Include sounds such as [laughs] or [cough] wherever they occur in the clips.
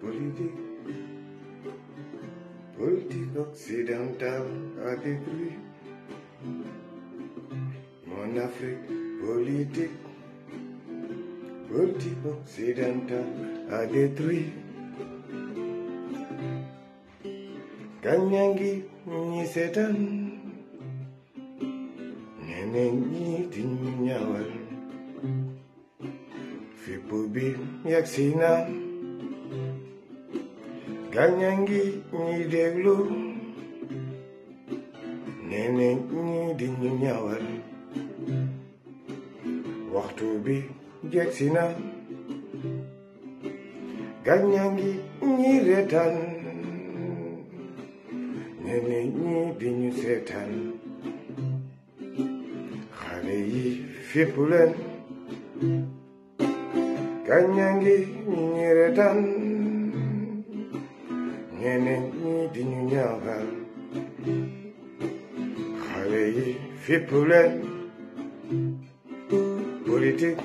Politique, politique occidentale a détruit mon Afrique. Politique, politique occidentale a détruit. Kañangi ñi seetaan ñi di ñu ñaawal fippu bi yagsi na gaaña ngi ñi déglu neneen ñi di ñu ñaawal waxtu bi yagsi na gaaña ngi ñi reetaan neneen ñi di ñu seetaan fippuleen gañña ngi ñi retan ñeneen ñi di ñu ñaaxal xale yi fippuleen politique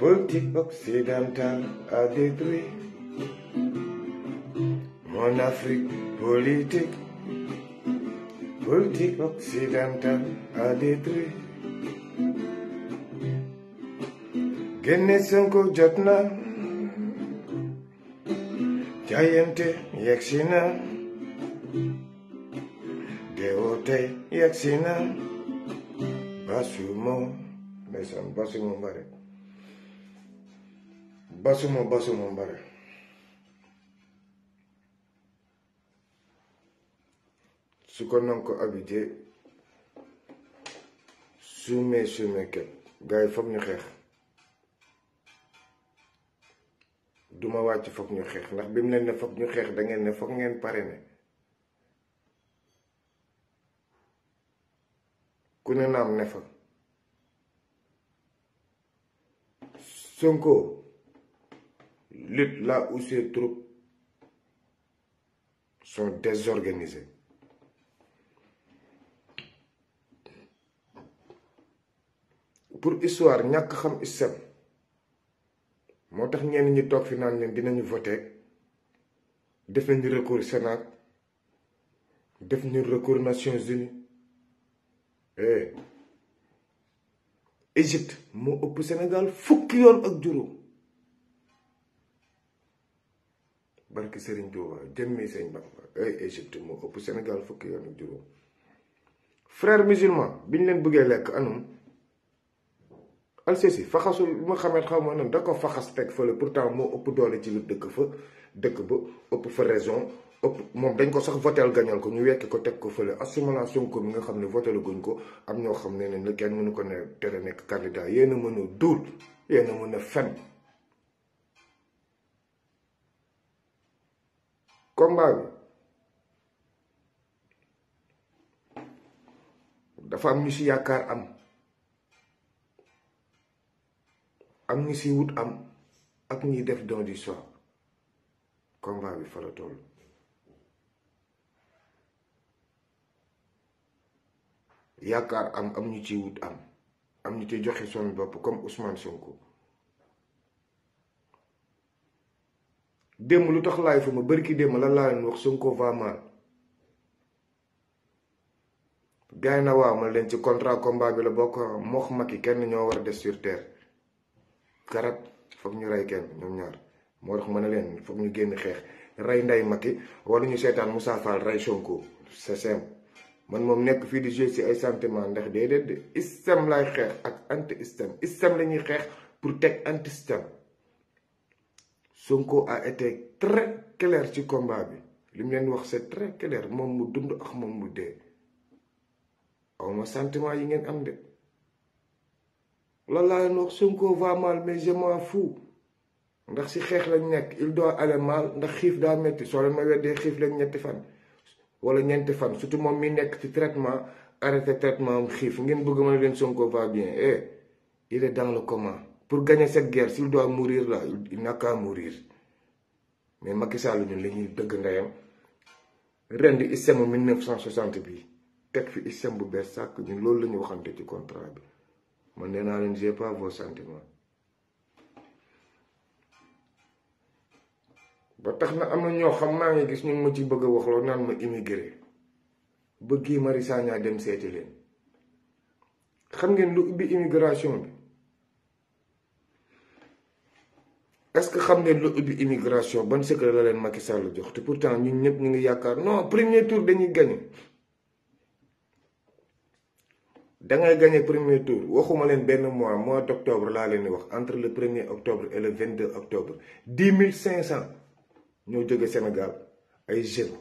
politique occidentale a détruit mon Afrique politique politique occidentale à détruire génne Sonko jot na jaayante yegsi na deewote yegsi na basu moo ndeysaan basu moo mbare basu moo basu moo mbare Sukonanko ko suumee suumee sume gars yi foog ñu xeex duma wàcc foog ñu xeex ndax bi mu leen ne foog ñu xeex dangeen ne foog ngeen pare ne ku ne naam ne fa Sonko lutte là où ses troupes sont pour histoire ñàkk xam système moo tax ñenn ñi toog fi naan leen dinañu voté def nañu recours Sénat def nañu recours Nations Unies eh moo ëpp Sénégal fukki yoon ak juróom barki Serigne Touba jëmmi sëñ Bamba ay Égypte moo ëpp Sénégal fukki yoon ak juróom eh, frère musulman bi ñu leen bëggee lekk anum alsesi faxasu lu ma xamee xaw ma nan da ko faxas teg fële pourtant moo ëpp doole ci lu dëkk fa dëkk ba ëpp fa raison ëpp moom dañ ko sax votel gañal ko ñu wekki ko teg ko fële assimilation Sonko mi nga xam ne votel guñ ko am ñoo xam ne ne kenn mënu ko ne tere nekk candidat yéen mën a duul yéen mën a fen combat bi dafa am ñu si yaakaar am ak ñi si wut am ak ñi def don du combat bi fa la toll yaakaar am am ñu ci wut am am ñu ci joxe son bopp comme Ousmane Sonko démb lu tax laay fa ma ki démb la laa leen wax Sonko va mal na waaw ma leen ci contrat combat bi la bokk moox yi kenn ñoo war a des sur garab foog ñu rey kenn ñoom ñaar moo tax ma ne leen foog ñu génn xeex rey nday Macky wala ñu seetaan Moussa Fall rey Sonko c'est man moom nekk fii di jouer ci ay sentiment ndax déedéet de islam lay xeex ak anti islam islam xeex pour teg anti Sonko a été très clair ci combat bi li mu leen wax c'est très clair moom mu dund ak moom mu dee aw ma sentiment yi ngeen am de. loolu laa leen wax Sonko va mal mais je m'en ndax si xeex lañ nekk il doit aller mal ndax xiif daa métti soo leen ma weddee xiif lañ ñetti fan wala ñeenti fan surtout moom mi nekk ci traitement arrêté traitement am xiif ngeen bëgg ma ne leen Sonko va bien eh il est dans le coma pour gagner cette guerre s'il doit mourir la il n'a qu'à mais Macky Sall ñun la ñuy dëgg ndeyam ren di ISEM 1960 bi teg fi ISEM bu bees sàkk ñun loolu la ñu waxante ci contrat bi. man nee naa leen j'ai pas vos ba tax na am na ñoo xam maa ngi gis ñu ma ci bëgg a waxloo naan ma immigré bëggi Mari Sagna dem seeti leen xam ngeen lu ubbi immigration bi est-ce xam ngeen lu ubbi immigration ban secret la leen Macky Sall jox te pourtant ñun ñëpp ñu ngi yaakaar non premier tour dañuy gagné. da ngay gagné premier tour waxuma leen benn mois mois d' octobre laa leen di wax entre le premier octobre et le vingt deux octobre dix mille cinq cent ñoo jóge Sénégal ay jeunes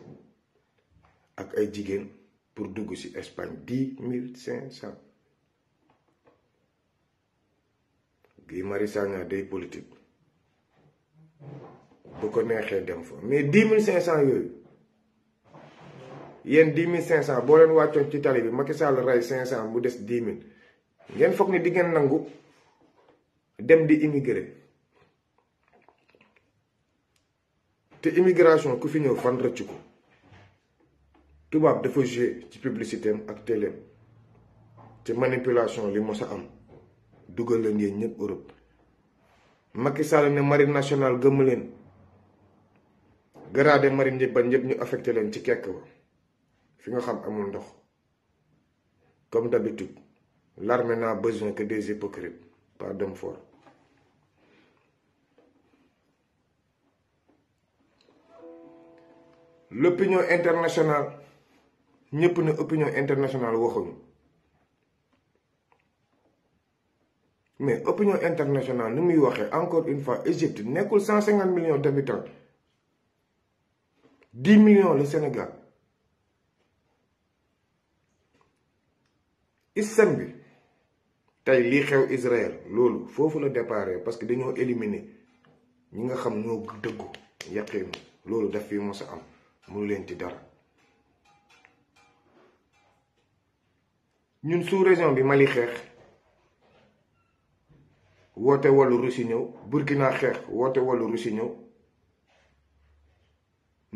ak ay jigéen pour dugg ci Espagne dix mille cinq cent. Guy Marius Sagna day politique bu ko neexee dem fa mais dix mille cinq cent yooyu. yéen dix mille cinq cent boo leen wàccoon ci tali bi Macky Sall rey cinq cent mu des dix mille ngeen foog ni di ngeen nangu dem di immigré te immigration ku fi ñëw fan rëcc ko tubaab dafa joué ci publicité am ak téléem te manipulation li mos am dugal leen yéen ñëpp Europe Macky Sall ne marine national gëmm leen garaade marine yi ba ñëpp ñu affecté leen ci kekk ba fi nga xam amul ndox comme d'habitude l'armée n'a besoin que des hypocrites pas d'hommes forts l'opinion internationale ñëpp ne opinion internationale waxuñu mais opinion internationale ni muy waxee encore une fois Égypte nekkul cent cinquante millions d'habitants dix million le Sénégal système bi tey lii xew Israël loolu foofu la déparé parce que dañoo éliminé ñi nga xam ñoo dëggu yaqiinu loolu daf fi mos am mënu leen ci dara ñun sous région bi Mali xeex woote wàllu Russie ñëw Burkina xeex woote wàllu Russie ñëw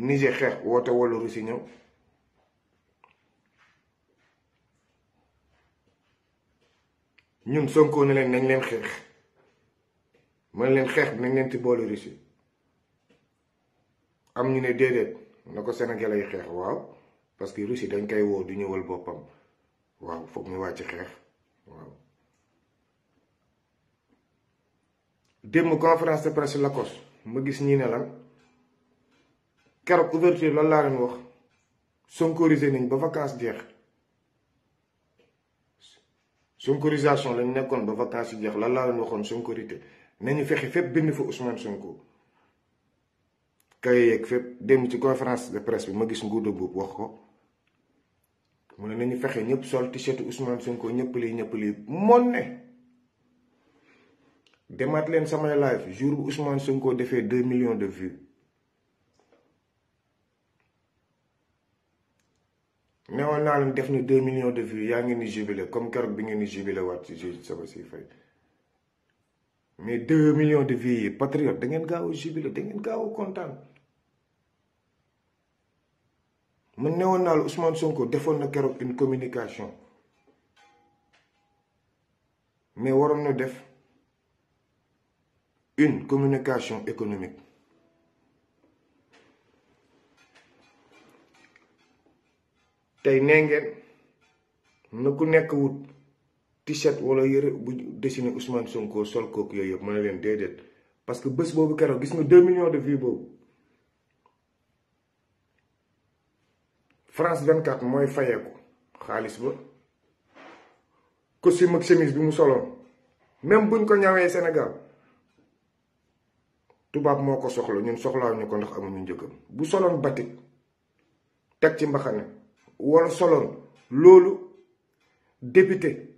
Niger xeex woote wàllu Russie ñëw ñun Sonko ne leen nañ leen xeex mën leen xeex bi nañ leen ci boole Russie am ñu ne déedéet na ko Sénégalais yi xeex waaw parce que Russie dañ koy woo du ñëwal boppam waaw foog ñu wàcc xeex waaw démb conférence de presse la kos ma gis ñii ne lan keroog ouverture lan laa leen wax sonkorisé nañ ba vacances jeex sonkorisation lañ nekkoon ba vacances yi jeex lan laa leen waxoon ne nañu fexe fépp bind fa Ousmane Sonko kaye yeeg fépp dem ci conférence de presse bi ma gis nguuda boobu wax ko mu ne nañu fexe ñëpp sol t-shirt Ousmane Sonko ñëpp lii ñëpp lii moon ne demaat leen samay live jour bu Ousmane Sonko defee deux millions de vues newoon naa leen def na deux millions de vues yaa ngi ni jubilé comme keroog bi ngeen ni jubilé waat ci juge Saba si fay mais deux millions de vues yi patriote da ngeen gaaw a jubilé da gaaw a kontaan man newoon naa la Ousmane Sonko defoon na keroog une communication mais waroon na def une communication économique tey nee ngeen na ku nekk wut t-shirt wala yëre bu dessiné Ousmane Sonko sol kook yooyu yëpp ma ne leen déedéet parce que bés boobu keroog gis nga 2 millions de vues boobu France 24 mooy fayeeku xaalis ba costume ak chemise bi mu soloon même buñ ko ñawee Sénégal tubaab moo ko soxla ñun soxlaa ñu ko ndax amuñu njëkkam bu soloon batik teg ci mbaxane wala soloon loolu député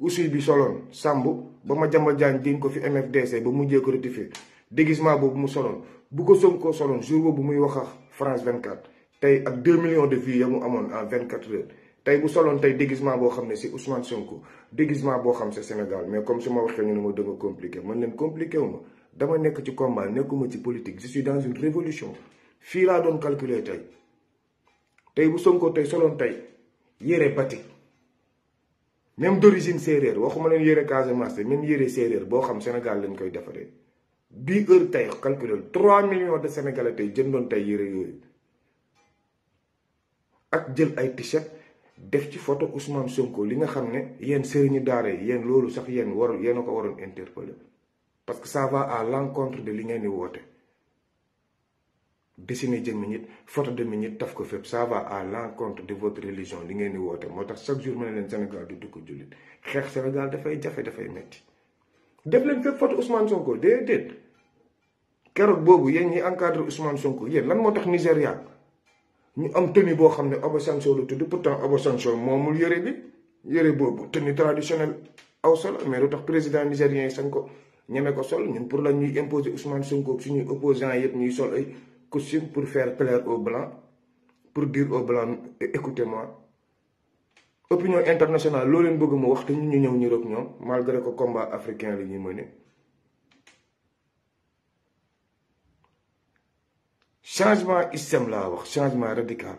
Oussouye bi soloon Samb ba ma jàmbal jaan diñ ko fi MFDC ba mujjee ko rectifier déguisement boobu mu soloon bu ko Sonko soloon jour bu muy wax ak France 24 tey ak 2 millions de vues ya mu amoon en 24 heures tey bu soloon tey déguisement boo xam ne si Ousmane Sonko déguisement boo xam si Sénégal mais comme su ma waxee ñu ne ma danga compliqué man leen compliqué wu ma dama nekk ci combat nekkuma ci politique je suis dans fii laa doon calculer tey tey bu Sonko tey soloon tey yére batik même d'origine séeréer waxuma leen yére Casamance même yére séeréer boo xam Sénégal lañ koy defaree bii heure tey calculé 3 millions de Sénégalais tey jëndoon tey yére yooyu ak jël ay t-shirt def ci photo Ousmane Sonko li nga xam ne yéen sëriñu daara yi yéen loolu sax yéen warul yéen a ko waroon interpeller parce que ça à l'encontre de li ngeen di woote. dessiner jën mi nit photo de nit taf ko fépp ça va à l'encontre de votre religion li ngeen di woote moo tax chaque jour ma ne leen Sénégal du ko jullit xeex Sénégal dafay jafe dafay metti def leen fépp photo Ousmane Sonko déedéet keroog boobu yéen ñi encadre Ousmane Sonko yéen lan moo tax Nigéria ñu am tenue boo xam ne Obasanjo la tudd pourtant Obasanjo moomul yëre bi yëre boobu tenue traditionnelle aw sol mais lu tax président nigérien yi sañ ko ñeme ko sol ñun pour la ñuy imposer Ousmane Sonko suñuy opposants yëpp ñuy sol ay. costume pour faire plaire aux blancs pour dire aux blancs eh, écoutez opinion internationale loo leen bëgg mu wax te ñun ñu ñëw ñu rëb ñoom malgré que combat africain la ñuy mëne changement système laa wax changement radical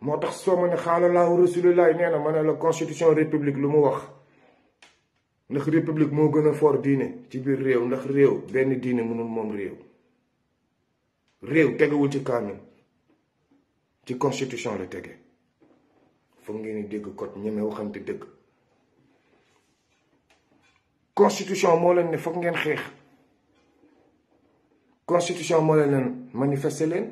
moo tax soo ma ne xaalalaahu rasulilaay nee na ma ne la constitution république lu mu wax ndax république moo gën a fort diine ci biir réew ndax réew benn diine mënul moom réew réew tegewul ci kaamin ci constitution la tege foog ngeen di dégg code ñeme waxante dëgg constitution moo leen ne foog ngeen xeex constitution moo leen leen manifester leen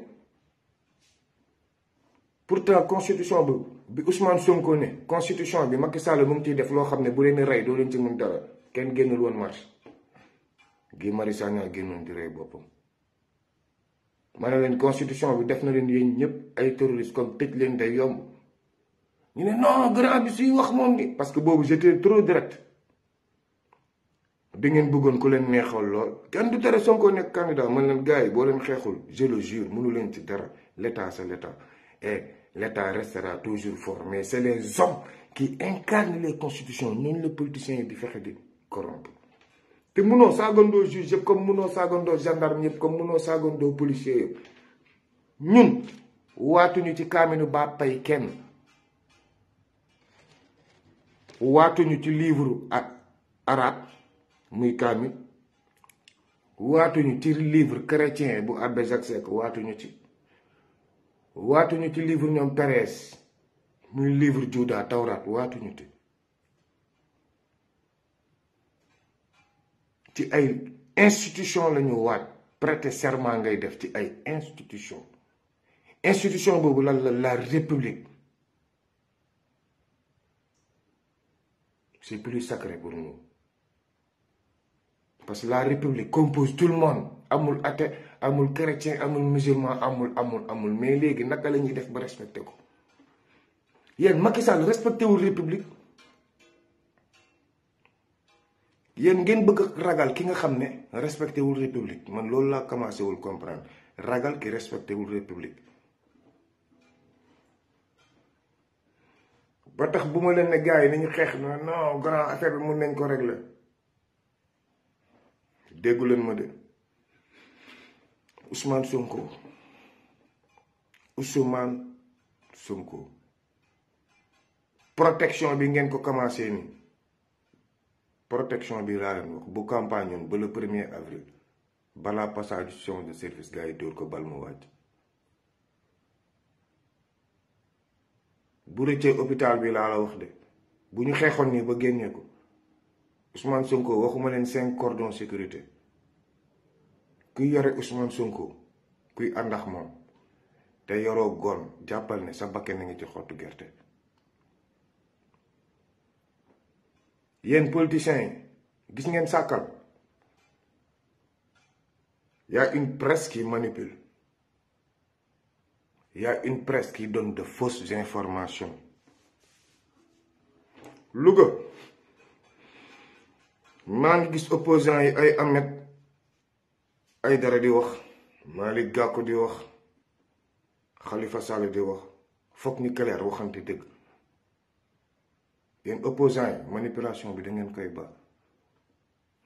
pourtant constitution boobu bi Ousmane Sonko ne constitution bi Macky Sall mu ngi ciy def loo xam ne bu leen rey doo leen ci mën dara kenn génnul woon marche gi Marius Sagna génnoon di rey boppam. ma ne leen constitution bi def na leen yéen ñëpp ay terroristes comme tëj leen day yomb ñu ne non grand bi suy wax moom ni parce que boobu j'étais trop direct di ngeen bëggoon ku leen neexool lool kenn du tere Sonko nekk candidat man leen gars yi boo leen xeexul je le jure mënu leen ci dara l'état c'est l'État restera toujours fort mais c'est les hommes qui incarnent les constitutions ñooñu la politiciens yi di fexe di corrompre te mënoo saagandoo juge yëpp comme mënoo saagandoo gendarme yëpp comme mënoo saagandoo policier yëpp ñun waatuñu ci kaaminu baa pay kenn waatuñu ci livre ak muy kaamil waatuñu ci livre chrétien bu Abbé Jacques Seck waatuñu ci waatuñu ci livre ñoom Pérès muy livre Juda Tawrat waatuñu ci ci ay institution lañu waat prêter serment ngay def ci ay institution institution boobu lan la la république c'est plus sacré pour nous parce que la république compose tout le monde amul athée amul chrétien amul musulman amul amul amul mais léegi naka la ñuy def ba respecté ko yéen Macky Sall respecté wul république yéen ngeen bëgg ragal ki nga xam ne respecté wul république man loolu laa commencé wul comprendre ragal ki respecté wul république. ba tax bu ma leen ne gars yi nañu xeex na non grand affaire bi mun nañ ko régler déggu leen ma de. Ousmane Sonko Ousmane Sonko protection bi ngeen ko commencé ni protection bi laa leen wax bu campagne ñun ba le premier avril balaa passation de service gars yi dóor ko bal mu wàcc bu rëccee hôpital bi laa la wax de bu ñu xeexoon nii ba génnee ko Ousmane Sonko waxuma leen cinq cordon sécurité kuy yore Ousmane Sonko kuy àndax moom te yoroo goon jàppal ne sa bakke na ngi ci xottu gerte yéen politiciens yi gis ngeen sàkkal y a une presse qui manipule y une presque yi donne de fausses informations Louga maa ngi gis opposants yi ay Ahmed ay dara di wax Malick Gakou di wax Khalifa Sall di wax foog ni clair waxante dëgg yéen opposants yi manipulation bi da ngeen koy ba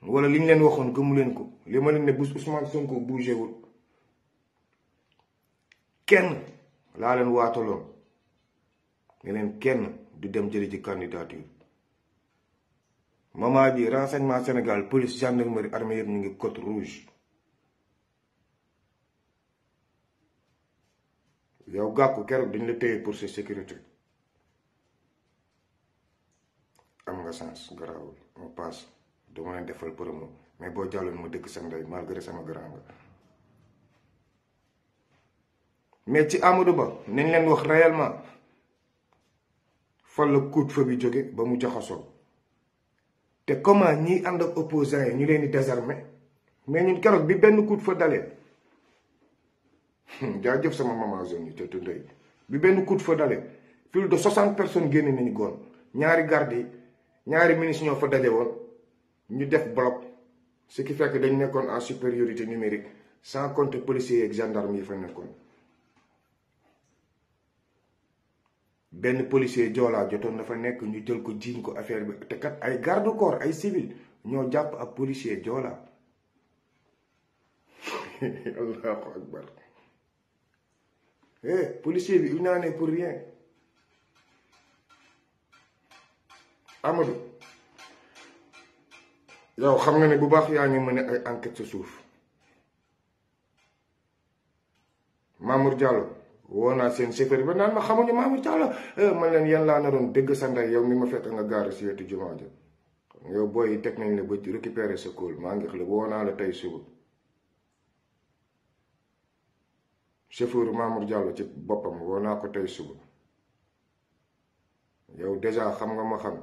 wala liñ leen waxoon gëmu leen ko li ma leen ne bu Ousmane Sonko bougé wul kenn laa leen waataloon ne leen kenn du dem jëli ci candidature maman ji renseignement Sénégal police gendarmerie armée yëpp ñu ngi côte rouge. yow gàkku keroog dañ la téye pour sa sécurité am nga sens garaawul ma passe dama leen defal promo mais boo jàlloon ma dëkk sa ndey malgré sama grand nga mais ci Amadou Ba nañ leen wax réellement fan la coup de feu bi jóge ba mu jaxasoo te comment ñiy ànd ak opposants yi ñu leen di désarmer mais ñun keroog bi benn coup de feu dalee Hmm, jëf sama maman zone yi te tundey bi benn coup de feu dalee plus de 60 personnes génne nañu goon ñaari garde yi ñaari ministre ñoo fa daje woon ñu def bloc ce qui fait que nekkoon en supériorité numérique sans compter policiers ak gendarmes yi fa nekkoon benn policier joolaa jotoon dafa nekk ñu jël ko jiiñ ko affaire bi te kat ay garde corps ay civil ñoo jàpp ab policier joolaa [laughs] allahu akbar eh policier bi il n'en est pour rien Amadou yow xam nga ni bu baax yaa ngi mën ay enquête sa suuf Mamour Diallo woo naa seen chauffeur ba naan ma xamuñu Mamour Diallo ma leen yan laa naroon dëgg sa ndey yow mi ma fekk nga gaaru si wetu jumaa ja yow booy yi nañ la ba récupérer sa kóol maa ngi la woo naa la tey suba chauffeur Mamour Diallo ci boppam woo naa ko tey suba yow déjà xam nga ma xam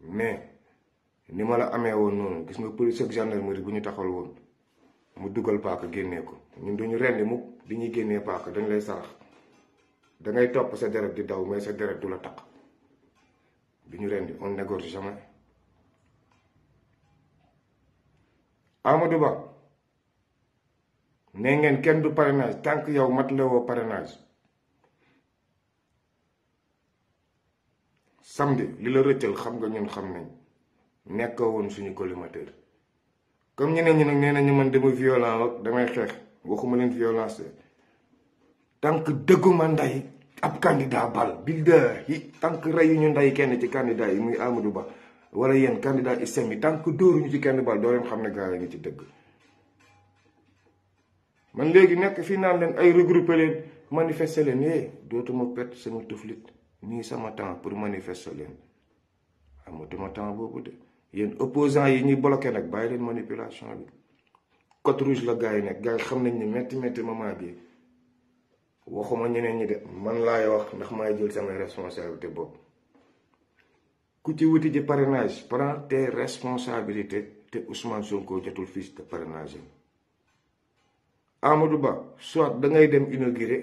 mais ni ma la amee woon noonu gis nga police ak gendarmerie bu ñu taxal woon mu dugal paaka génnee ko ñun duñu rendi mukk di ñuy génnee paaka dañ lay sarax dangay topp sa deret di daw mais sa deret du la taq du ñu rendi on n'égorge jamais Amadou Ba nee ngeen kenn du parrainage tànk yow mat la woo parrainage samedi li la rëccal xam nga ñun xam nañ nekkoo woon suñu ko collimateur comme ñeneen ñu ne nee nañu man dama violent ak damay xeex waxuma leen violence tànk dëgguma nday ab candidat bal billahi tànk reyu ñu nday kenn ci candidat yi muy Amadou Ba wala yéen candidat islam yi tànk dóoruñu ci kenn bal doo leen xam ne gaa yi ngi ci dëgg man léegi nekk fii naan leen ay regrouper leen manifester leen eh dootuma perte sama tuflit nii sama temps pour manifester leen amatuma temps boobu de yéen opposants yi ñuy bloqué nag bàyyi leen manipulation bi côte rouge la gars yi nekk gars yi xam nañ ne métti métti moment bi waxuma ñeneen ñi de man laay wax ndax maay jël samay responsabilité boobu ku ci wuti ji parrainage prends tes responsabilités te Ousmane Sonko jotul fiche de parrainage Amadou Ba soit da ngay dem inaugurer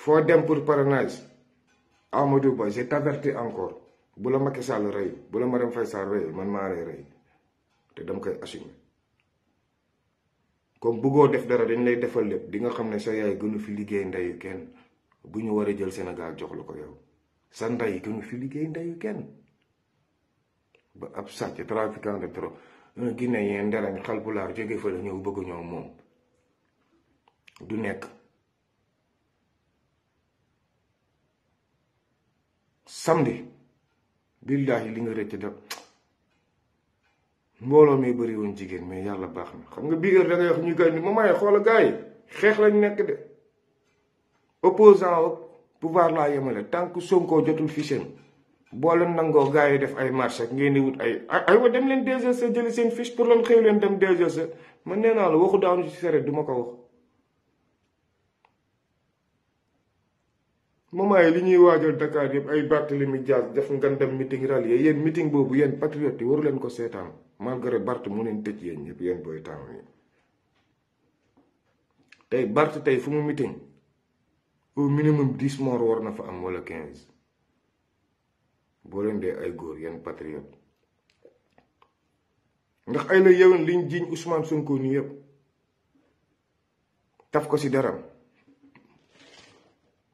foo dem pour parrainage Amadou Ba je t'avertis encore bu la Macky Sall rey bu la Marème Faye Sall rey man maa lay rey te dama koy assumer comme bëggoo def dara dañ lay defal lépp di nga xam ne sa yaay gënu fi liggéey ndeyu kenn bu ñu war a jël Sénégal jox la ko yow sa ndey gënu fi liggéey ndeyu kenn ba ab sàcc trafiquant de drogue un Guinéen nderañ xalpulaar jóge fa la ñëw bëgg ñoom moom du nekk samdi samedi yi li nga rëcc dem mbooloo mi bëri woon jigéen mais yàlla baax na xam nga biir da ñu gars yi ma may xoola gars yi xeex lañ nekk de opposant au pouvoir laa yemale tant que Sonko jotul fichier boo leen nangoo gaa yi def ay marché ak ngeen di wut ay ay wa dem leen DGC jëli seen fiche pour leen xëy leen dem DGC man nee naa la waxu daanu ci seret du ma ko wax moment yi li ñuy waajal Dakar yëpp ay Barthélemy Dias def ngandam meeting rallier yéen meeting boobu yéen patriote yi waru leen ko seetaan malgré Barth mu neen tëj yéen ñëpp yéen booy taamu tey Barth tey fu mu meeting au minimum dix morts war na fa am wala quinze boo leen dee ay góor yéen patriote ndax ay la li liñ jiiñ Ousmane ko nii yëpp taf ko si daram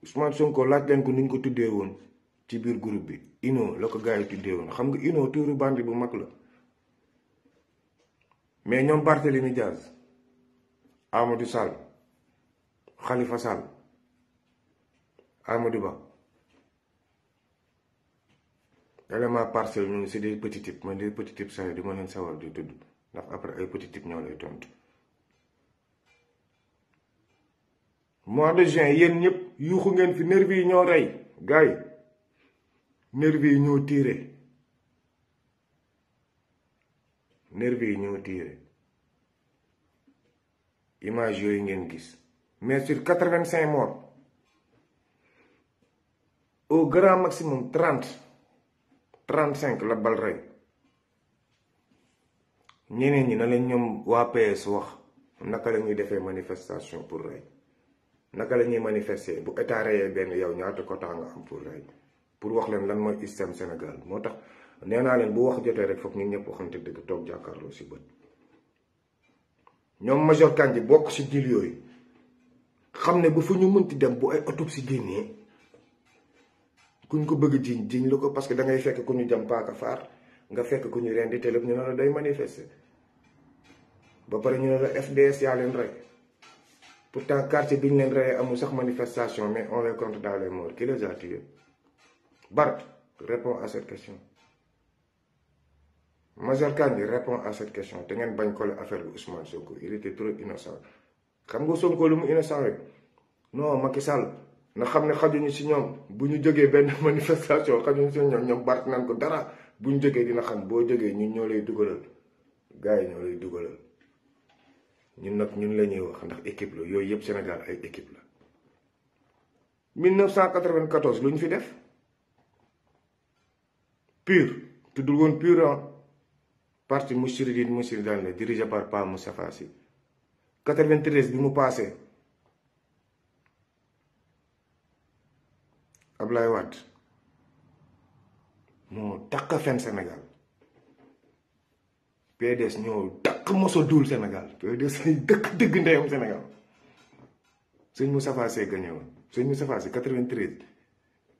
Ousmane Sonko laaj leen ko ni ñu ko tuddee woon ci biir group bi Uno la ko gars yi tuddee woon xam nga Uno tuuru bandi bu mag la mais ñoom Barthélemy Diaz Amadou Sall Khalifa Sall Amadou Ba élément parcelle ñun c'est des petits types man des petits types saa yi du ma leen sawar di tudd ndax après ay petits types ñoo lay tontu. mois de juin yéen yuuxu ngeen fi nervi ñoo rey gars yi nervi yi ñoo tiire nervi yi ñoo tiire image yooyu ngeen gis mais sur quatre-vingt-cinq morts au grand maximum trente trente-cinq la bal rey ñeneen ñi na leen ñoom waa PS wax naka la ñuy defee manifestation pour rey naka la ñuy manifester bu état reyee benn yow ñaata ko tax nga am pour rey pour wax leen lan mooy système Sénégal moo tax nee naa leen bu wax jotee rek foog ñun ñëpp waxante dëgg toog jàkkaarloo si bët. major Kandji bokk si jil yooyu xam ne bu fu ñu mënti dem bu ay autopsie génnee kuñ ko bëgg jiiñ jiiñ lu ko parce que da ngay fekk ku ñu jam paaka faar nga fekk ku ñu rendi te lépp ñu ne la day manifester ba pare ñu ne la FDS yaa leen rey. pour pourtant quartier bi ñu leen reyee amul sax manifestation mais on les compte dans les morts qui les a tués Barth répond à cette question Major Kandji répond à cette question te ngeen bañ kole affaire bi Ousmane Sonko il était trop innocent xam nga Sonko lu mu innocent rek ma ki Sall na xam ne xajuñu si ñoom bu ñu jógee benn [laughs] manifestation xajuñu si ñoom ñoom Barth nan ko dara bu ñu jógee dina xam boo jógee ñu ñoo lay dugalal gars yi ñoo lay dugalal ñun nag ñun la ñuy wax ndax équipe la yooyu yëpp Sénégal ay équipe la 1994 lu ñu fi def PUR tuddul woon PUR ah mu Moustarchidine Moustarchidane la dirigé par Pa Moustapha Sy 93 bi mu passé Ablaye Wade mu takk fen Sénégal PDS ñoo dëkk moso duul Sénégal PDS ñuy dëkk dëgg ndeyam Sénégal sëñ Moustapha Sy gagné woon sëñ Moustapha Sy 93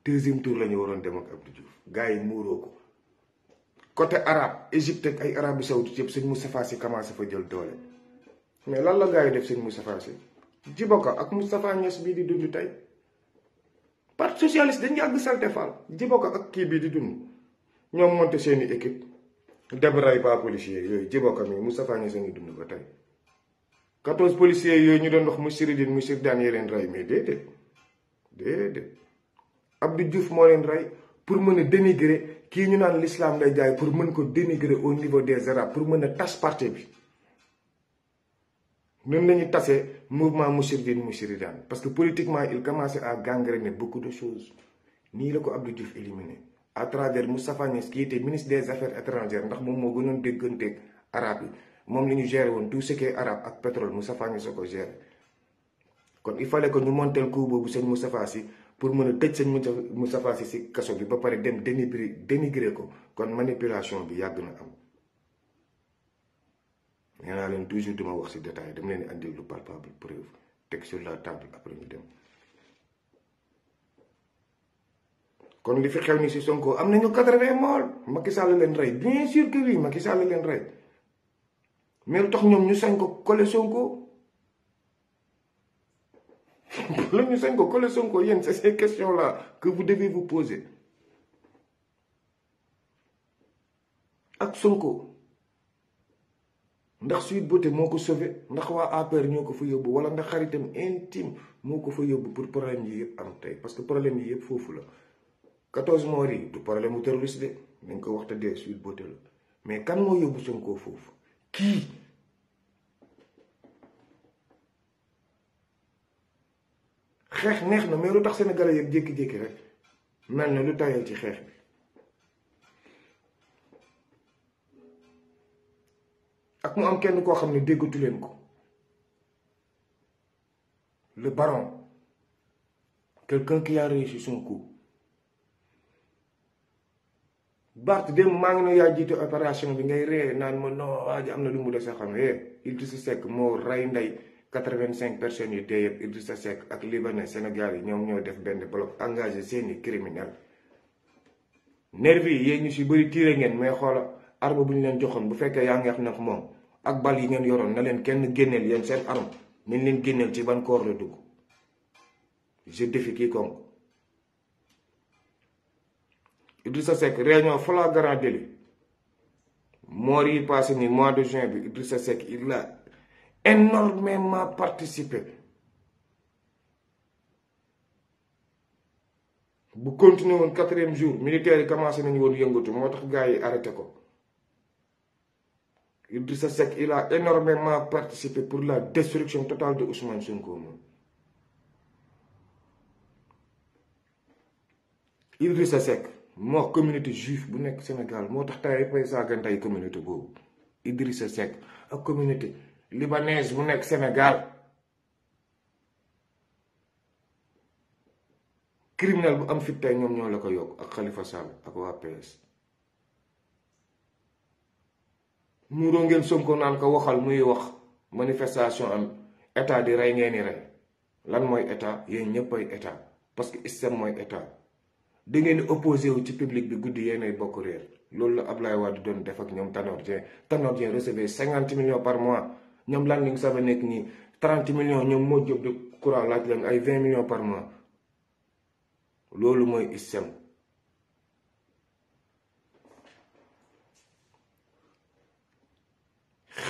deuxième tour la ñu waroon dem ak Abdou Diouf gars yi muuroo ko côté arabe Égypte ay Arabie Saoudite yëpp sëñ Moustapha Sy commencé fa jël doole mais lan la gars yi def sëñ Moustapha Sy Djiboka ak Moustapha Niass bii di dund tey parti socialiste dañu àgg salte Fall Djiboka ak kii bii di dund ñoom monté seeni équipe dem ray pas policier yooyu ci bokkam yi Moustapha Niasse ngi dund ba tey quatorze policiers yooyu ñu doon wax monsieur Ridine monsieur Daan yee leen rey mais déedéet déedéet Abdou Diouf moo leen rey pour mën a dénigrer kii ñu naan l'islam lay jaay pour mën ko dénigrer au niveau des arabes pour mën a tas parti bi noonu la ñuy tasee mouvement monsieur Ridine monsieur Ridane parce que politiquement il commençait à gangréner beaucoup de choses nii la ko Abdou Diouf éliminé à travers Moustapha Niass kii était ministre des affaires étrangères ndax moom moo gënoon dégganteeg arabe yi moom la ñu woon tout ce qui ak pétrole Moustapha Niass a ko géré kon il fallait que ñu montel coup boobu sëñ Moustapha Sy pour mën a tëj sëñ mu Sy si si kaso bi ba pare dem dénigrer dénigrer ko kon manipulation bi yàgg na am nee naa leen toujours duma wax si détail dama leen andil lu palpable preuve teg sur la temple après ñu dem kon li fi xew ni si Sonko am nañu quatre-vingts morts Macky Sall leen rey bien sûr que oui Macky Sall leen rey mais lu tax ñoom ñu sañ ko collé Sonko lu [laughs] ñu sañ ko collé Sonko yéen c'est ces questions là que vous devez vous poser ak Sonko ndax Sweet Beauté moo ko sauvé ndax waa APR ñoo ko fa yóbbu wala ndax xaritam intime moo ko fa yóbbu pour problème yi yëpp am tey parce que problème yi yëpp foofu la 14 morts yi du problème mu terroriste de nañ ko wax te dee suite boote la mais kan moo yóbbu Sonko foofu kii xeex neex na mais lu tax sénégalais yëpp jékki-jékki rek mel na lu tayal ci xeex bi ak mu am kenn koo xam ne déggatu leen ko le baron quelqu'un qui a réussi son Bart dem maa ngi ne yaa jiite opération bi ngay ree naan ma noo waa am na lu mu dese xam eh Idrissa Seck moo rey ndey quatre-vingt-cinq personnes yi tey yëpp Idrissa Seck ak libanais Sénégal yi ñoom ñoo def benn bloc engagé seeni criminel nervi yi yéen ñu si bëri tiire ngeen mais xoola arme bu ñu leen joxoon bu fekkee yaa ngi wax nag moom ak bal yi ngeen yoroon na leen kenn génneel yéen seen arme nañ leen génneel ci ban koor la dugg je défie quiconque Idrissa Seck réunion flagrant délit moor yi passé ni mois de juin bi Idrissa Seck il a énormément participé bu continuer woon quatrième jour militaires yi commencé nañu woon yëngatu moo tax gars yi arrêté ko Idrissa Seck il a énormément participé pour la destruction totale de Ousmane Sonko moom Idrissa Seck moo communauté juif bu nekk Sénégal moo tax tay fay saagantey communauté boobu Idrissa Seck ak communauté libanaise bu nekk Sénégal criminel bu am fit tey ñoom ñoo la ko yokk ak xalifa Sall ak waa PS muuroo ngeen Sonko naan ko waxal muy wax manifestation am état di rey ngeen di rey lan mooy état yéen ñëpp ay état parce que système mooy état da ngeen di opposé wu ci public bi guddi yéenay bokk réer loolu la Ablaye Wade doon def ak ñoom Tanor Dieng Tanor Dieng recevait cinquante millions par mois ñoom lan lañ saba nekk nii trente million ñoom moo jóg de courant laaj leen ay vingt millions par mois loolu mooy ISEM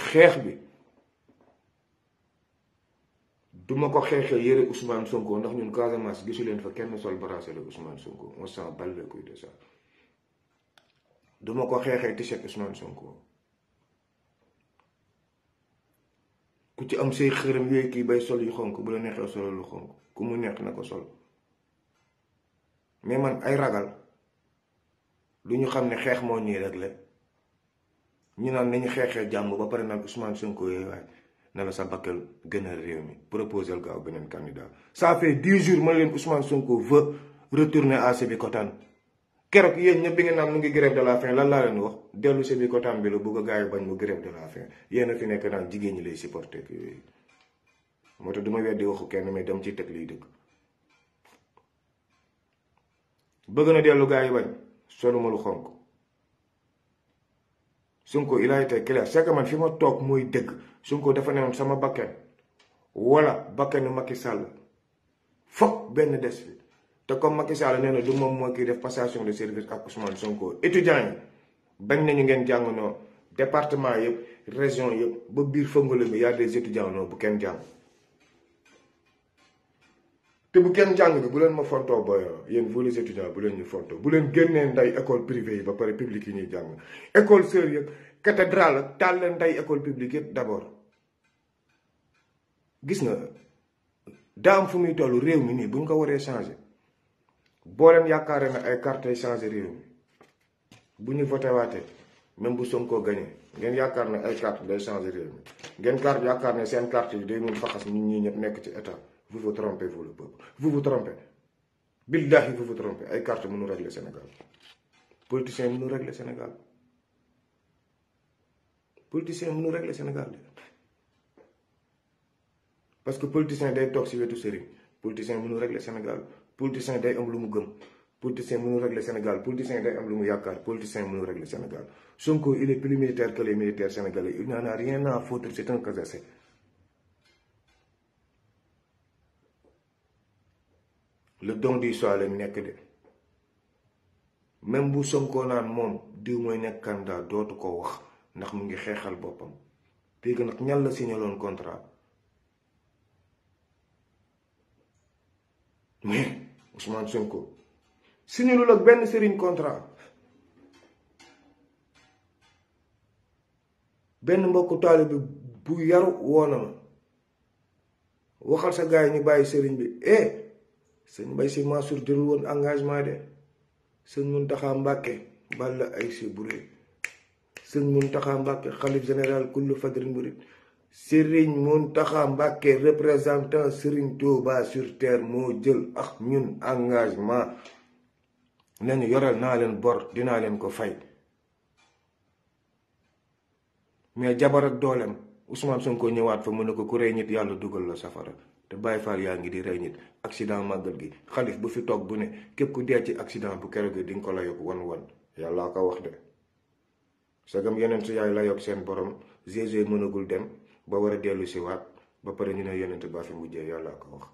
xeex bi. du ma ko xeexee yëre Ousmane Sonko ndax ñun Casamance gisu leen fa kenn sol bracelet Ousmane Sonko on s'en bat les couilles de ça du ma ko xeexee t-shirt Ousmane Sonko ku ci am say xërëm yooyu kii bay sol yu xonk bu la neexee solo lu xonk ku mu neex na ko sol mais man ay ragal lu ñu xam ne xeex moo ñuy réglé ñu naan nañu xeexee jàmm ba pare naan Ousmane Sonko yooyu waaye ne la sa bakkal gën a réew mi proposel gaaw beneen candidat ça fait dix jours man leen Ousmane Sonko veut retourner à Sébikotane keroog yéen ñëpp bi ngeen naan mu ngi grève de la faim lan laa leen wax dellu Sébikotane bi la bëgg a gars yi bañ mu grève de la faim yéen a fi nekk naan jigéen ñi lay supporté ak yooyu moo tax du ma weddi waxu kenn mais dem ci teg liy dëkk bëgg na dellu gaa yi bañ soluma lu xonk Sonko il a été clair c'est fi ma toog mooy dëgg Sonko dafa ne woon sama bakkan wala bakkanu Macky Sall foog benn des fi te comme Macky Sall nee na du moom moo kii def passation de service ak Ousmane Sonko étudiant yi bañ ñu ngeen jàng noo département yëpp région yëpp ba biir fëngalo bi mu a des étudiants bu kenn jàng te bu kenn bi bu leen ma fontoo boyo yéen vous les étudiants bu leen ñu fontoo bu leen génnee nday école privée yi ba pare publique yi ñuy jàng école sœur yëpp cathédrale ak taal leen école publique yëpp d'abord gis na daa am fu muy toll réew mi nii bu ñu ko waree changer boo leen yaakaare na ay carte ay changer réew mi bu ñu voté waatee bu Sonko gagné ngeen yaakaar ne ay carte day changer réew mi ngeen yaakaar ne seen carte yi day mun faxas ñun ñii ñëpp nekk ci état vous vous trompez vous le peuple vous vous trompez billahi vous vous trompez ay carte mënu régler Sénégal politicien mënu régler Sénégal politicien mënul régler Sénégal de parce que politicien day toog si wetu sëriñ politicien mënul régler Sénégal politicien day am lu mu gëm politicien mënul régler Sénégal politicien day am lu mu yaakaar politicien mënul régler Sénégal Sonko il est plus militaire que les militaires sénégalais il n'en a rien à foutre c'est un casassé le don du soi la nekk de même bu Sonko naan moom diw mooy nekk candidat dootu ko wax ndax mu ngi xeexal boppam léegi nag ñan la signaloon contrat mais Ousmane Sonko signalul ak benn sëriñ contrat benn mbokku taalibe bi bu yaru woona ma waxal sa gaay yi ñu bàyyi sëriñ bi eh sëñ Mbaye Sy Mansour jël woon engagement de sëñ Mountakha Mbacké balla ay si sëñ Muntaxa Mbàkke xalif général kullu fadrin murid sëriñ Muntaxa Mbàkke représentant sëriñ Touba sur terre moo jël ak ñun engagement nañu yoral naa leen bor dinaa leen ko fay mais jabar ak dooleem Ousmane ko ñëwaat fa mu ne ko ku rey nit yàlla dugal la safara te Baye Fall yaa ngi di rey nit accident màggal gi xalif bu fi toog bu ne képp ku dee ci accident bu keroog di nga ko layoog wan-wan yàllaa ko wax de. sagam yonent yaay la yokk seen borom Jésus mënagul dem ba war a dellu si waat ba pare ñu ne yonent baa fi mujjee yàlla ko wax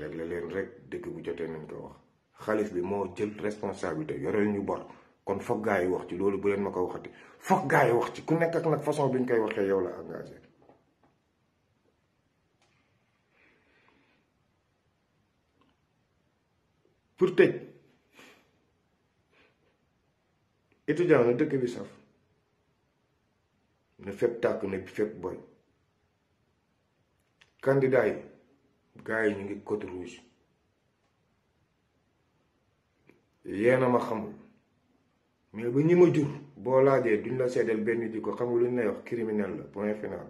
réglé leen rek dëgg bu jotee nañ ko wax xalif bi moo jël responsabilité yoreel ñu bor kon foog gaa yi wax ci loolu bu leen ma ko waxati foog gaa yi wax ci ku nekk ak nag façon bi ñu koy waxee yow la engagé pour tëj étudiant na dëkk bi saf na fépp tàkk na fépp boy candidat yi gars yi ñu ngi côte rouge yéena ma xamul mais ba ñi ma jur boo laajee duñ la seddal benn di ko xamul luñ lay wax criminel la point final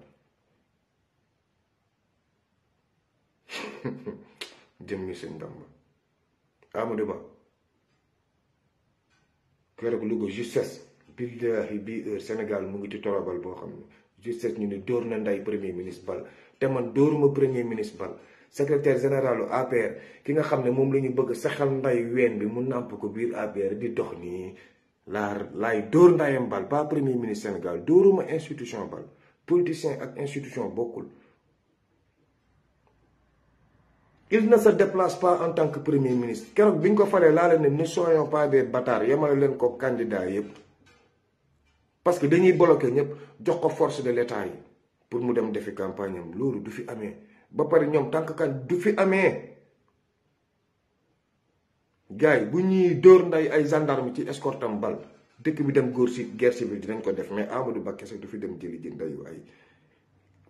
[laughs] jëm mi seen ndam Amadou Ba keroog Louga justesse billahi bi heure Sénégal mu ngi ci boo xam ne justesse ñu ni dóor na nday premier ministre bal te man dóoruma premier ministre bal secrétaire généralu APR ki nga xam ne moom la ñu bëgg saxal nday ween bi mu nàmp ko biir APR di dox nii laa laay door ndayam bal pas premier ministre Sénégal dóoruma institution bal politicien ak institution bokkul il na se déplace pas en tant que premier ministre keroog bi ñu ko faree laa leen ne ne soyons pas des bâtards yemale leen ko candidat yëpp parce que dañuy bloqué ñëpp jox ko force de l'état yi pour mu dem defi campagne am loolu du fi amee ba pare ñoom tànk kan du fi amee gars yi bu ñuy dóor nday ay gendarme ci escortam bal dëkk bi dem góor si guerre bi dinañ ko def mais Amadou Ba kese du fi dem jëli ji ndayu ay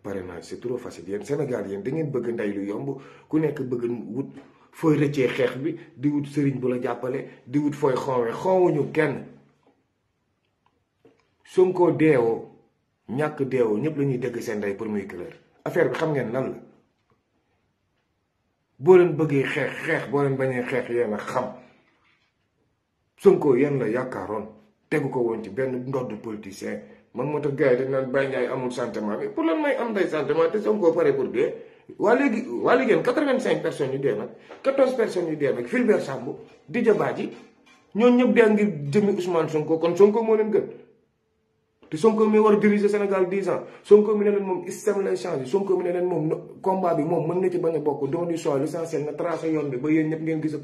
parrainage c'est trop facile yéen Sénégal yéen da ngeen bëgg ndey lu yomb ku nekk bëgg wut fooy rëccee xeex bi di wut sëriñ bu la jàppale di wut fooy xoowe xoowuñu kenn Sonko deewoo ñàkk deewoo ñëpp la ñuy dégg seen ndey pour muy clair affaire bi xam ngeen lan la boo leen bëggee xeex xeex boo leen bañee xeex yéen a xam Sonko yéen la yaakaaroon tegu ko woon ci benn ndodd politicien man moo tax gars yi dañ naan Baye Ndiaye amul sentiment mais pour lan may am day sentiment te Sonko pare pour dee waa léegi waa léegi yéen quatre-vingt-cinq personnes yu dee nag quatorze personnes yu dee nag Fulbert Sambou Didier Badji ñoom ñëpp dee ngir jëmi Ousmane Sonko kon Sonko moo leen gën te Sonko mi war a diriger Sénégal dix ans Sonko mi ne leen moom système lay changé Sonko mi ne leen moom combat bi moom mën na ci bañ a bokk don du soil l'essentiel na tracé yoon bi ba yéen ñëpp ngeen gis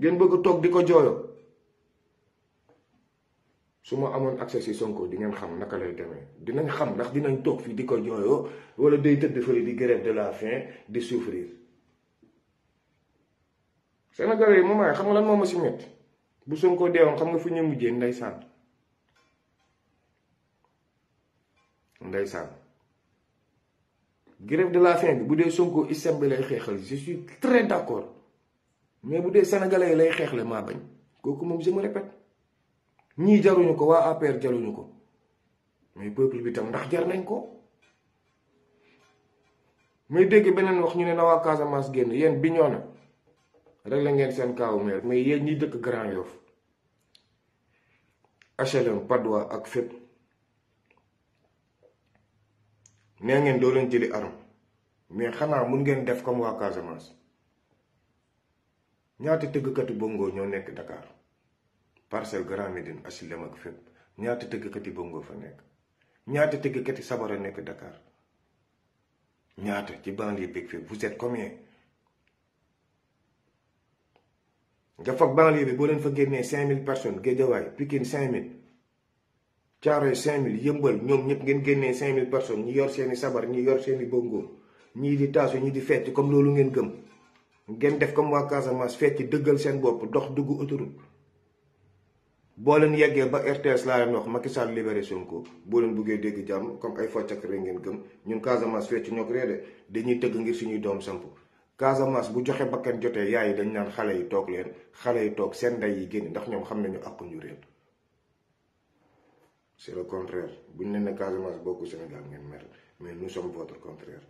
bëgg a toog di ko jooyoo su ma amoon accès si Sonko di xam naka lay demee dinañ xam ndax dinañ toog fii di ko jooyoo wala day tëdd fële di grève de la fin di souffrir Sénégalais yi moom moomaay xam nga lan moo ma si métti bu Sonko deewoon xam nga fi ñu mujjee ndeysaan ndeysaan grève de la faim bi bu dee Sonko isem bi lay xeexal je suis très d'accord mais bu dee sénégalais yi lay xeexle maa bañ kooku moom je me répète. ñii jaruñu ko waa APR jaruñu ko mais peuple bi tam ndax jar nañ ko may dégg beneen wax ñu ne na waa Casamance génn yéen bi ñoo na rek la ngeen seen kaawu meer mais yéen ñi dëkk Grand Yoff HLM Patte ak fépp nee ngeen doo leen jëli arme mais xanaa mun ngeen def comme waa Casamance ñaata tëggkatu bongo ñoo nekk Dakar parcelle Grand Médine HLM ak fépp ñaata tëggkati bongo fa nekk ñaata sabar sabara nekk dakaar ñaata ci banlieue beeg fépp vous êtes combien nga foog banlieue bi boo leen fa génnee 5000 personnes Guédiawaye Pikine 5000 Thiaroye 5000 yëmbal ñoom ñëpp ngeen génnee mille personnes ñi yor seeni sabar ñi yor seeni bongo ñii di taasu ñii di fecc comme loolu ngeen gëm ngeen def comme waa Casamance ci dëggal seen bopp dox dugg autoroute. boo leen yeggee ba RTS laa leen wax Macky Sall libéré Sonko boo leen buggee dégg jàmm comme ay focc ak ngeen gëm ñun Casamance fecc ñoo ko réede dañuy tëgg ngir suñuy doom samp Casamance bu joxe bakkan jotee yaay yi dañ naan xale yi toog leen xale yi toog seen ndey yi génn ndax ñoom xam nañu àqu ñu réew c'est le contraire buñ leen ne Casamance bokku Sénégal ngeen mer mais nous sommes votre contraire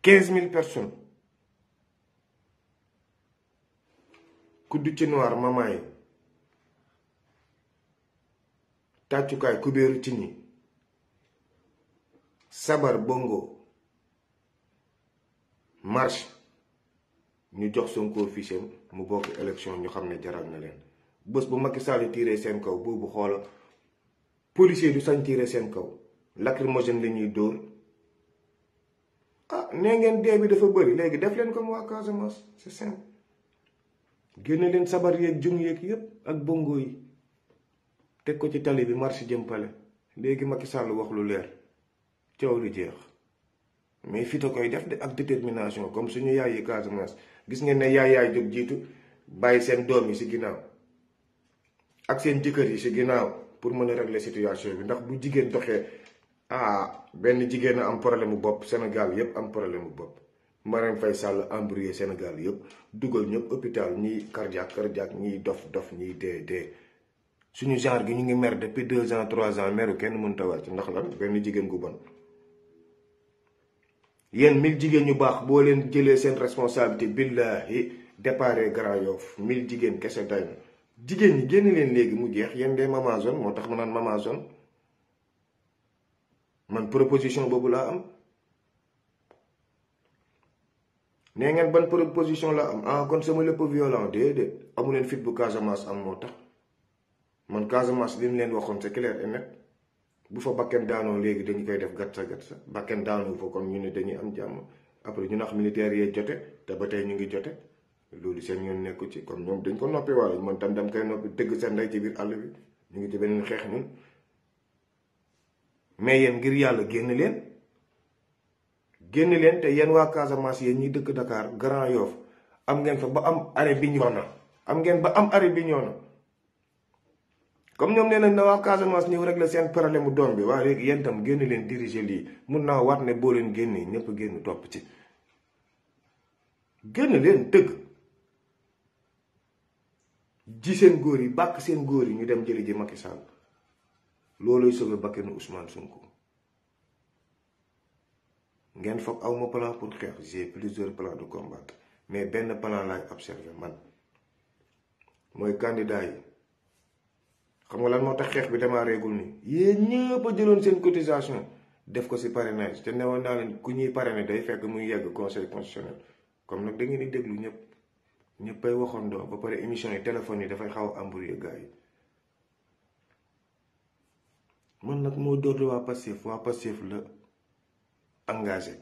quinze mille personnes kuddu ci ma mamaay tàccukaay kubéeru ci ñi sabar bongo marche ñu jox Sonko fichier mu bokk élection ñu xam ne jaral na leen bés bu Macky Sall tiiree seen kaw boobu xoola policier du sañ tiiree seen kaw lacrymogène la ñuy dóor ah nee ngeen dee bi dafa bëri léegi def leen comme waa Casamance c'est simple génne leen sabar yeeg jung yeeg yépp ak bongo yi teg ko ci tali bi marché jëm pale léegi Macky Sall wax lu leer coow lu jeex mais fit a koy def de ak détermination comme suñu yaay yi Casamance gis ngeen ne yaay yaay jóg jiitu bàyyi seen doom yi ci ginnaaw ak seen jëkkër yi si ginnaaw pour mën a régler situation bi ndax bu jigéen doxee ah benn jigéen am problème mu bopp Sénégal yépp am problème mu bopp. ma Marème Faye Sall embrouillé Sénégal yëpp dugal ñëpp hôpital ñiy cardiaque cardiaque ñiy dof dof ñiy dee d suñu genre gi ñu ngi mer depuis deux ans trois ans meru kenn mënta wàcc ndax lan benn jigéen gu bon yéen mille jigéen ñu baax boo leen jëlee seen responsabilité billahi déparé Grand Yoff mille jigéen kese day jigéen ñi génn leen léegi mu jeex yéen de Mama Zone moo tax ma naan Mama man proposition boobu laa am nee ngeen ban position la am ah kon sama lépp violent déedéet amu leen fit bu Casamance am moo tax man Casamance li mu leen waxoon c'est clair et bu fa bakken daanoo léegi dañu koy def gat sa gat sa bakken daanoo fa kon ñu ne dañuy am jàmm après ñu nax militaire yee jote te ba tey ñu ngi jote loolu seen yoon nekku ci kon ñoom dañ ko noppee waaye man tam dam koy noppi dëgg seen ndey ci biir àll bi ñu ngi ci benn xeex ñun mais yéen ngir yàlla génn leen. génn leen te yéen waa Casamance yéen ñuy dëkk Dakar Grand Yoff am ngeen fa ba am arrêt bi ñoo na am ngeen ba am arrêt bi ñoo na comme ñoom nee nañ na waa Casamance ñëw la seen problème mu doom bi waaye léegi yéen tam génn leen diriger lii mun naa waat ne boo leen génnee ñëpp génn topp ci génn leen tëgg ji seen góor yi bàkk seen góor yi ñu dem jëli ji Macky loolu looluy sauver bakkanu Ousmane Sonko ngeen foog awma plan pour xeex j'ai plusieurs plans de combat mais benn plan laay observé man mooy candidat yi xam nga lan moo tax xeex bi démarréegul ni yéen ñëpp a jëloon seen cotisation def ko ci parrainage te newoon naa leen ku ñuy pare ne day fekk muy yegg conseil constitutionnel comme nag da ngeen di déglu ñëpp ñëppay waxoon doo ba pare émission yi téléphone yi dafay xaw a embrouillé gars yi man nag moo dootu waa Pastef waa Pastef la engagé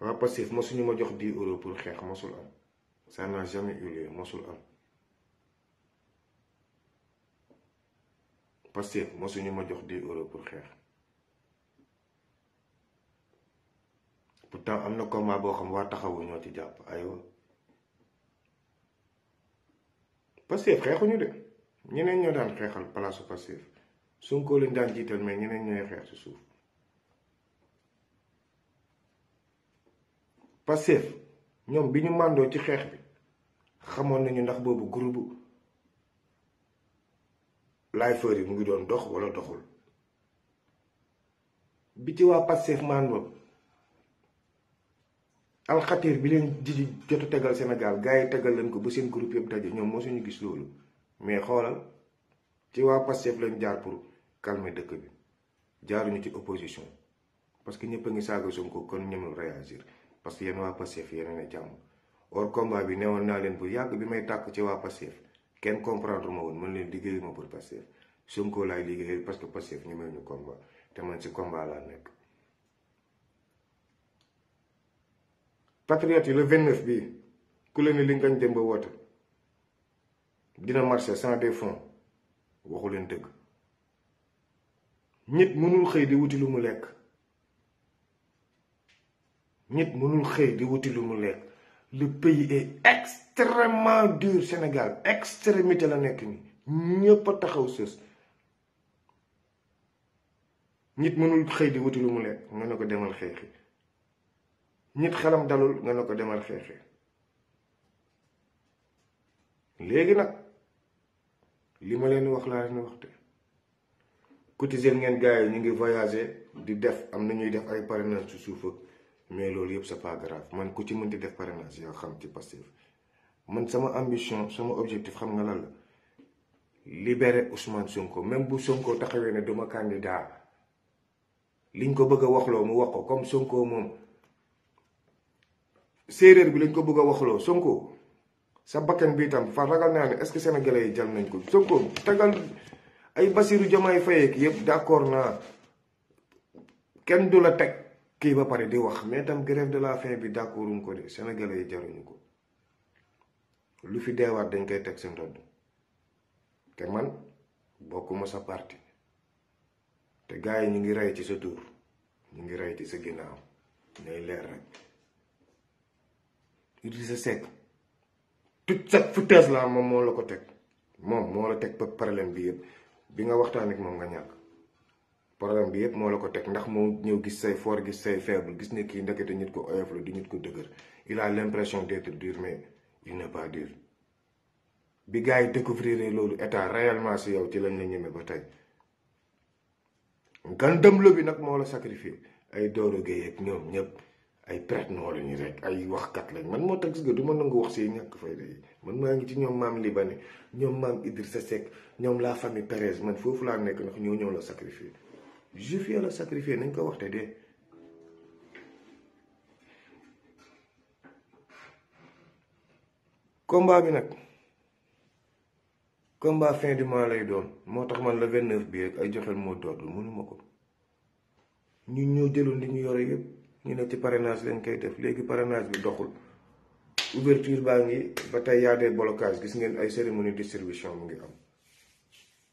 waa Pastef mosuñu ma jox di euros pour xeex mosul am ça n'a jamais eu lieu mosul am Pastef mosuñu ma jox di euros pour xeex temps am na combat boo xam waa taxawu ñoo ci jàpp aywa Pastef xeexuñu de ñeneen ñoo daan xeexal palaasu Pastef Sonko lañ daan jiital mais ñeneen ñooy xeex ci suuf Pastef ñoom bi ñu màndoo ci xeex bi xamoon nañu ndax boobu groupe laayfeur yi mu ngi doon dox wala doxul bi ci waa Pastef màndoon alxatir bi leen ji jot tegal Sénégal gaa yi tegal leen ko ba seen groupe yëpp daje ñoom moo suñu gis loolu mais xoolal ci waa Pastef lañ jaar pour calmer dëkk bi jaaruñu ci opposition parce que ñëpp ngi saaga Sonko kon ñemul réagir parce que yéen waa Pastef yéen a ne jàmm or combat bi newoon naa leen bu yàgg bi may tàkk ci waa Pastef kenn comprendre ma woon leen liggéeyuma pour Pastef Sonko laay liggéeyal parce que Pastef ñu mel ñu te man ci combat laa nekk. patriote yi le 29 bii ku leen li ngañ dem ba woote dina marché sans des fonds waxu leen dëgg. nit mënul xëy di wuti lu mu lekk nit mënul xëy di wuti lu mu lekk le pays est extrêmement dur Sénégal extrémité la nekk ni ñëpp a taxaw sës nit mënul xëy di wuti lu mu lekk nga ne ko demal xeexi nit xelam dalul nga ne ko demal xeexi léegi nag li ma leen wax laa leen wax te cotiser ngeen gars yi ñu ngi voyager di def am na ñuy def ay parrainage ci suuf mais loolu yëpp sa pas man ku ci mën di def parrainage yaa xam ci Pastef man sama ambition sama objectif xam nga lan la libérer Ousmane Sonko même bu Sonko taxawee ne duma candidat liñ ko bëgg a waxloo mu wax ko comme Sonko moom séeréer bi lañ ko bëgg a waxloo Sonko sa bakkan bi itam fa ragal naa ne est-ce que sénégalais yi jàll nañ ko Sonko tagal. ay Bassirou Diomaye Faye ak yëpp d'accord naa kenn du la teg kii ba pare di wax mais tam grève de la faim bi d'accorduñ ko de Sénégalais yi jaruñu ko lu fi deewaat dañ koy teg seen ndodd te man bokkuma sa parti te gars yi ñu ngi rey ci sa tur ñu ngi rey ci sa ginnaaw nay leer rek Idrissa Seck toute cette foutaise là moom moo la ko teg moom moo la teg ba problème bi yëpp bi nga waxtaan moom nga ñàkk problème bi yëpp moo la ko teg ndax moo ñëw gis say fort gis say faible gis ne kii ndekete nit ko oyof la di nit ko dëgër il a l'impression d'être dur mais il n'est pas dur bi gars yi découvrir loolu état réellement si yow ci lañ la ñeme ba tey ngandam lo bi nag moo la sacrifié ay Doro Gueye ak ñoom ñëpp ay prête noo la rek ay waxkat lañ man moo tax gis nga du ma nangu wax si ñàkk fay yi man maa ngi ci ñoom maam Libané ñoom maam Idrissa Seck ñoom la famille Perez man foofu laa nekk ndax ñoo ñëw la sacrifié juif yi la sacrifié nañ ko wax te dee bi nag combat fin du mois lay doon moo tax man le 29 bi rek ay joxel moo doon mënuma ko ñun ñoo jëloon li ñu yore yëpp ñu ne ci parrainage lañ koy def léegi parrainage bi doxul ouverture baa ngi ba tey yaa dee blocage gis ngeen ay cérémonie distribution mu ngi am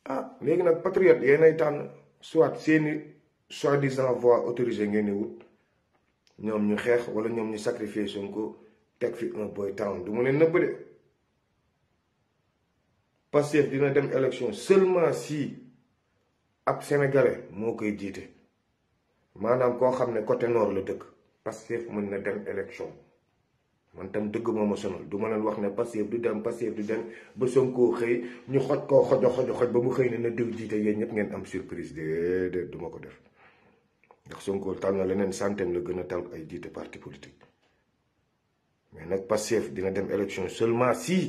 ah léegi nag patriote yéenay tànn soit seeni soi-disant voix autorisée ngeen di wut ñoom ñu xeex wala ñoom ñu sacrifier Sonko teg fi un boy town du mu leen nëbb de Pastef dina dem élection seulement si ak sénégalais moo koy jiite. maanaam koo xam ne côté nord la dëkk Pastef mën na dem élection man tam dëgg moo ma sonal duma leen wax ne Pastef du dem Pastef du dem ba Sonko xëy ñu xoj koo xojo xojo xoj ba mu xëy ne na diw jiite yéen ñëpp ngeen am surprise déedéet du ma ko def ndax Sonko tal na leneen centaine la gën a tal ay jiite parti politique mais nag Pastef dina dem élection seulement si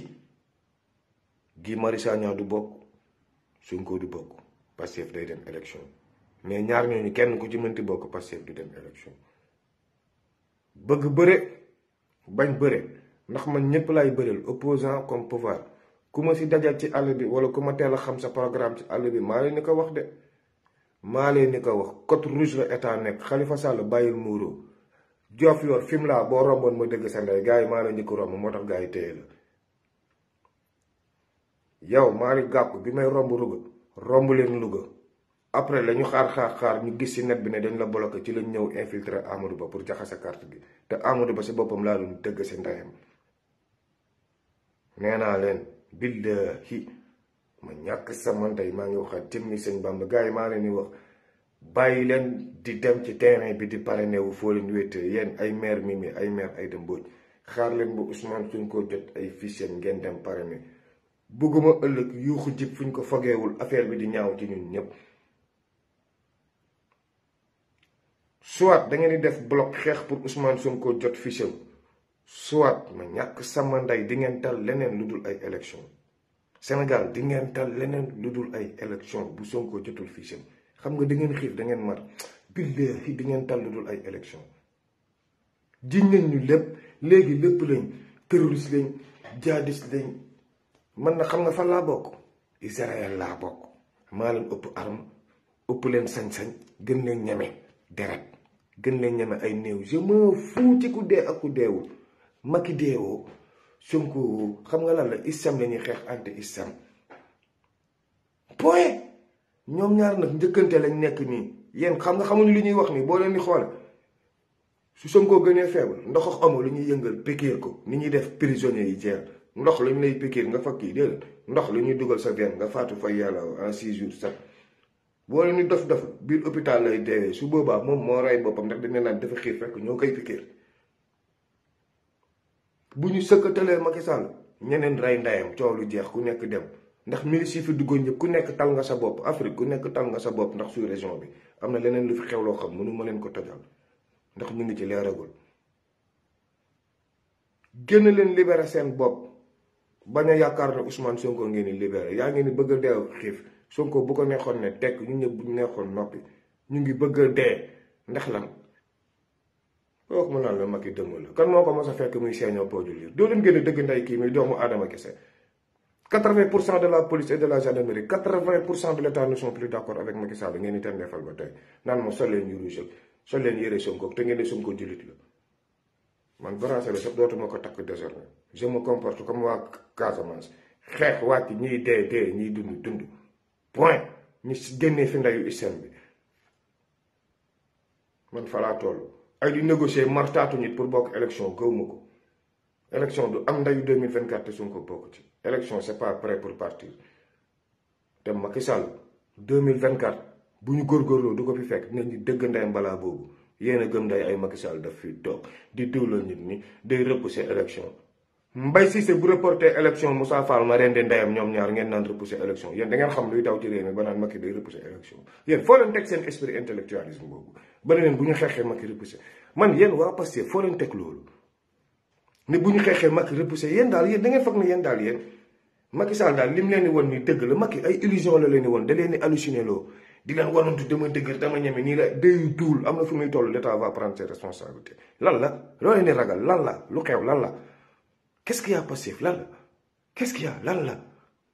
Guy Marius Sagna du bokk Sonko du bokk Pastef day dem élection mais ñaar ñooñu kenn ku ci mënti bokk Pastef du dem élection bëgg bëre bañ bëre ndax man ñëpp laay bëreel opposant comme pouvoir ku ma si dajal ci àll bi wala ku ma teel xam sa programme ci àll bi maa leen ni ko wax de maa leen ni ko wax code rouge la état nekk Khalifa Sall bàyyil muuroo Diof yor fi mu laa boo romboon ma dëgg sa ndey gars yi maa la njëkk romb moo tax gars yi téye la yow maa ni gàpp bi may romb Louga romb leen Louga après la ñu xaar xaar xaar ñu gis ci net bi ne dañ la bloqué ci lañ ñëw infiltré Amadou Ba pour jaxase kart gi te Amadou Ba ci boppam laa doon dëgg ci ndeyam nee naa leen billahi ma ñàkk sama ndey maa ngi waxaat jëmmi sëñ Bamba gars yi maa leen di wax bàyyi leen di dem ci terrain bi di parrainé wu foo leen wéetee yéen ay maire mii ay maire Aïda Mbodj xaar leen ba suñ ko jot ay fiches ngeen dem parrainé bëgguma ëllëg yuuxu jib fuñ ko fogeewul affaire bi di ñaaw ci ñun ñëpp. soit da ngeen di def bloc xeex pour Ousmane Sonko jot fichier soit ma ñàkk sama ndey di ngeen tal leneen lu dul ay élection Sénégal di ngeen tal leneen lu dul ay élection bu Sonko jotul fichier xam nga da ngeen xiif dangeen ngeen mar billahi di ngeen tal lu dul ay élection jiñ nañ ñu lépp léegi lépp lañ terroriste lañ jihadiste lañ man na xam nga fan laa bokk Israël laa bokk maa leen ëpp arme ëpp leen sañ-sañ gën leen ñeme deret gën leen ñeme ay néew je m'en fous ku dee ak ku deewul Macky deewoo Sonko xam nga lan la islam la ñuy xeex anti islam point ñoom ñaar nag njëkkante lañ nekk nii yéen xam nga xamuñu li ñuy wax nii boo leen di xool su gën gënee feebar ndox ak omo lu ñuy yëngal pikiir ko ni ñuy def prisonniers yi jeer ndox lu ñu lay pikiir nga fakk yi déedéet ndox lu ñuy dugal sa veine nga faatu fa yàlla en six jours sax. boo leen ni dof-dof biir hôpital lay deewee su boobaa moom moo rey boppam ndax dañ naan dafa xiir fekk ñoo koy fikir bu ñu sëkkatalee Macky Sall ñeneen rey ndayam coow lu jeex ku nekk dem ndax milice yi fi duggoon ñëpp ku nekk tal nga sa bopp Afrique ku nekk tal nga sa bopp ndax suy région bi am na leneen lu fi xew loo xam mënu ma leen ko tojal ndax ñu ngi ci leeragul génn leen libéré seen bopp bañ a yaakaar na Ousmane Sonko ngeen di libéré yaa ngi ni bëgg a Sonko bu ko neexoon ne tekk ñu ñëpp bu ñu neexoon noppi ñu ngi bëgg a dee ndax la Macky dëmm moo ko mos a fekk muy seeñoo de liir doo leen gën dëgg nday kii muy doomu aadama kese. 80 pour cent de la police et de la gendarmerie 80 pour cent de l' état ne sont plus d' accord avec Macky Sall ngeen di teel defal ba tey naan ma sol leen ñu rouge sol leen te ngeen di Sonko la. man bracelet sax dootuma ko takk désormais je me comporte comme waa Casamance xeex wàcc ñiy dee dee dund. point ñu génnee fi ndeyu ISEM bi man falaa tool toll ay di négocier martaatu nit pour bokk élection gëwma ko élection du am ndeyu 2024 te suñ ko bokk ci élection c'est pas prêt pour partir te Macky Sall 2024 bu ñu góorgóorloo du ko fi fekk ne ñu dëgg ndeyam balaa boobu yéen a gëm nday ay Macky Sall daf fi toog di diwla nit ñi day repousser élection Mbaye Cissé bu reporté élection Moussa Fall ma rendi ndeyam ñoom ñaar ngeen naan repousser élection yéen da ngeen xam luy daw ci réew mi ba naan Macky day repousser élection yéen foo leen teg seen esprit intellectualisme boobu ba ne leen bu ñu xeexee Macky repousser man yéen waa Pastef foo leen teg loolu ne bu ñu xeexee Macky repousser yéen daal yéen da ngeen foog ne yéen daal yéen Macky Sall daal lim leen di woon nii dëgg la Macky ay illusion la leen di woon da leen di halluciné loo di leen warantu dama dëgër dama ñeme nii la déyu tuul am na fu muy toll l'état va prendre ses responsabilités lan la loolee ni ragal lan la lu xew lan la qu'est-ce qu'il y a lan la qu'est-ce qu'il y lan la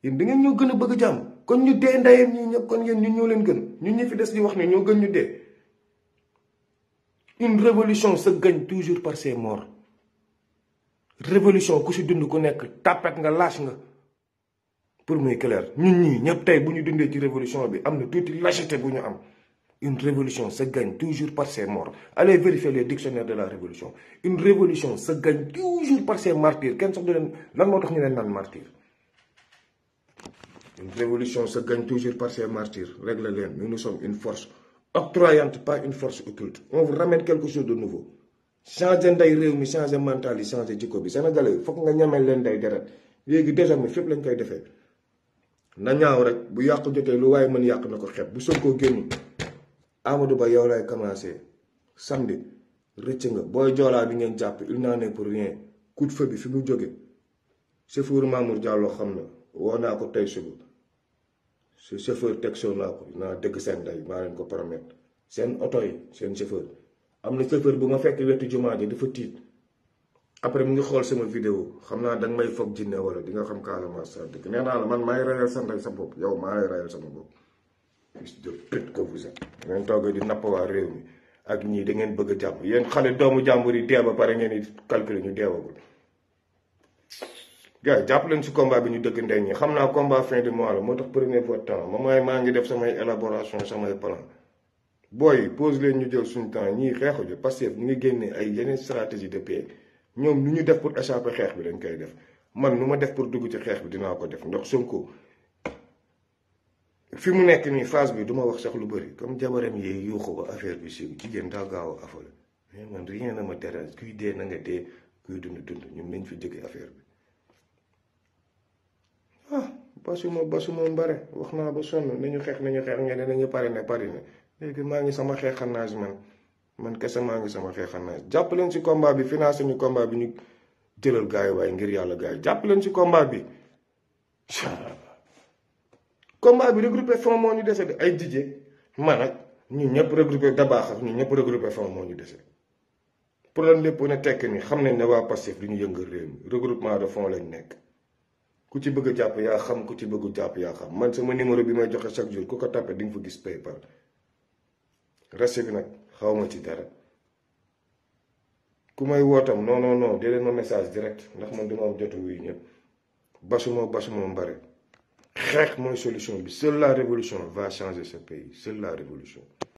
yéen da ngeen ñoo gën a bëgg jàmm kon ñu dee ndey ñi ñëpp kon yéen ñu ñëw leen gën ñun ñu fi des di wax ne ñoo gën ñu dee une révolution sa gagne toujours par ses morts révolution ku si dund ku nekk tàppet nga lâche nga pour muy clair ñun ñii ñëpp tey bu ñu dundee ci révolution bi am na tuuti lâcheté bu ñu am Une révolution se gagne toujours par ses morts. Allez vérifier le dictionnaire de la révolution. Une révolution se gagne toujours par moo tax ñu sorte de martyr Une révolution sa gagne toujours parce ses martyrs. Règle-les. Nous, nous sommes une force octroyante, pas une force occulte. On vous ramène quelque chose de nouveau. Changer nday réew mi changer mental changer jikko bi sénégalais fokk nga ñamel leen day deret léegi désormais fépp lañ koy defee na ñaaw rek bu yàq jotee lu waaye mën yàq na ko xeeb bu soog koo génn Amadou Ba yow lay commencé samedi rëcc nga booy joolaa bi ngeen jàpp il n'en est pour rien coup de bi fi mu jóge chauffeur Mamour Diallo xam na woo naa ko tey suba su chauffeur texoo naa ko dinaa dëgg seen day maa leen ko promettre seen oto yi seen chauffeur am na chauffeur bu ma fekk wetu jumaa ji dafa tiit après mu ngi xool sama vidéo xam naa danga may foog jinne wala di nga xam kaalamaa sa dëgg nee naa la man maay rayal sa ndey sa bopp yow maa lay rayal sama fils de pute que vous di napp réew mi ak ñii da ngeen bëgg a jàmm yéen xale doomu jàmbur yi dee ba pare ngeen di calculer ñu deewagul. gars jàpp leen si combat bi ñu dëgg ndey ñi xam naa combat fin de mois la moo tax premier fois temps ma may maa ngi def samay élaboration samay plan booy pose leen ñu jël suñu temps ñii xeexuñu parce que ñu ngi génnee ay yeneen stratégie de paix ñoom lu ñu def pour échapper xeex bi dañ koy def man nu ma def pour dugg ci xeex bi dinaa ko def ndox Sonko fi mu nekk nii phase bi duma wax sax lu bari comme jabaram yee yuuxu ba affaire bi si jigéen daa gaaw a affaire mais man rien na ma terrasse kuy dee na nga dee kuy dund dund ñun nañ fi jege affaire bi ah basuma basuma mbare wax naa ba sonn ñu xeex nañu xeex ngeen ne nañu pare ne pari ne léegi maa ngi sama xeexanaas man man kese maa ngi sama xeexanaas jàpp leen si combat bi financé ñu combat bi ñu jëlal gaayu waaye ngir yàlla gaayu jàpp leen si combat bi [laughs] combat bi regroupé fond moo ñu dese de ay DJ man ak ñu ñëpp regroupé dabaax ak ñun ñëpp regroupé fond moo ñu dese problème lépp ne tekk ni xam nañ ne waa Pastef du ñu yëngal réew mi regroupement de fond lañ nekk ku ci bëgg jàpp yaa xam ku ci bëggu jàpp yaa xam man sama numéro bi may joxe chaque jour ku ko tapé di nga fa gis PayPal reste bi nag xaw ma ci dara ku may wootam non non non dee ma message direct ndax man duma am jotu wuyu ñëpp basuma basuma mbare xeex mooy solution bi seule la révolution va changer ce pays seule la révolution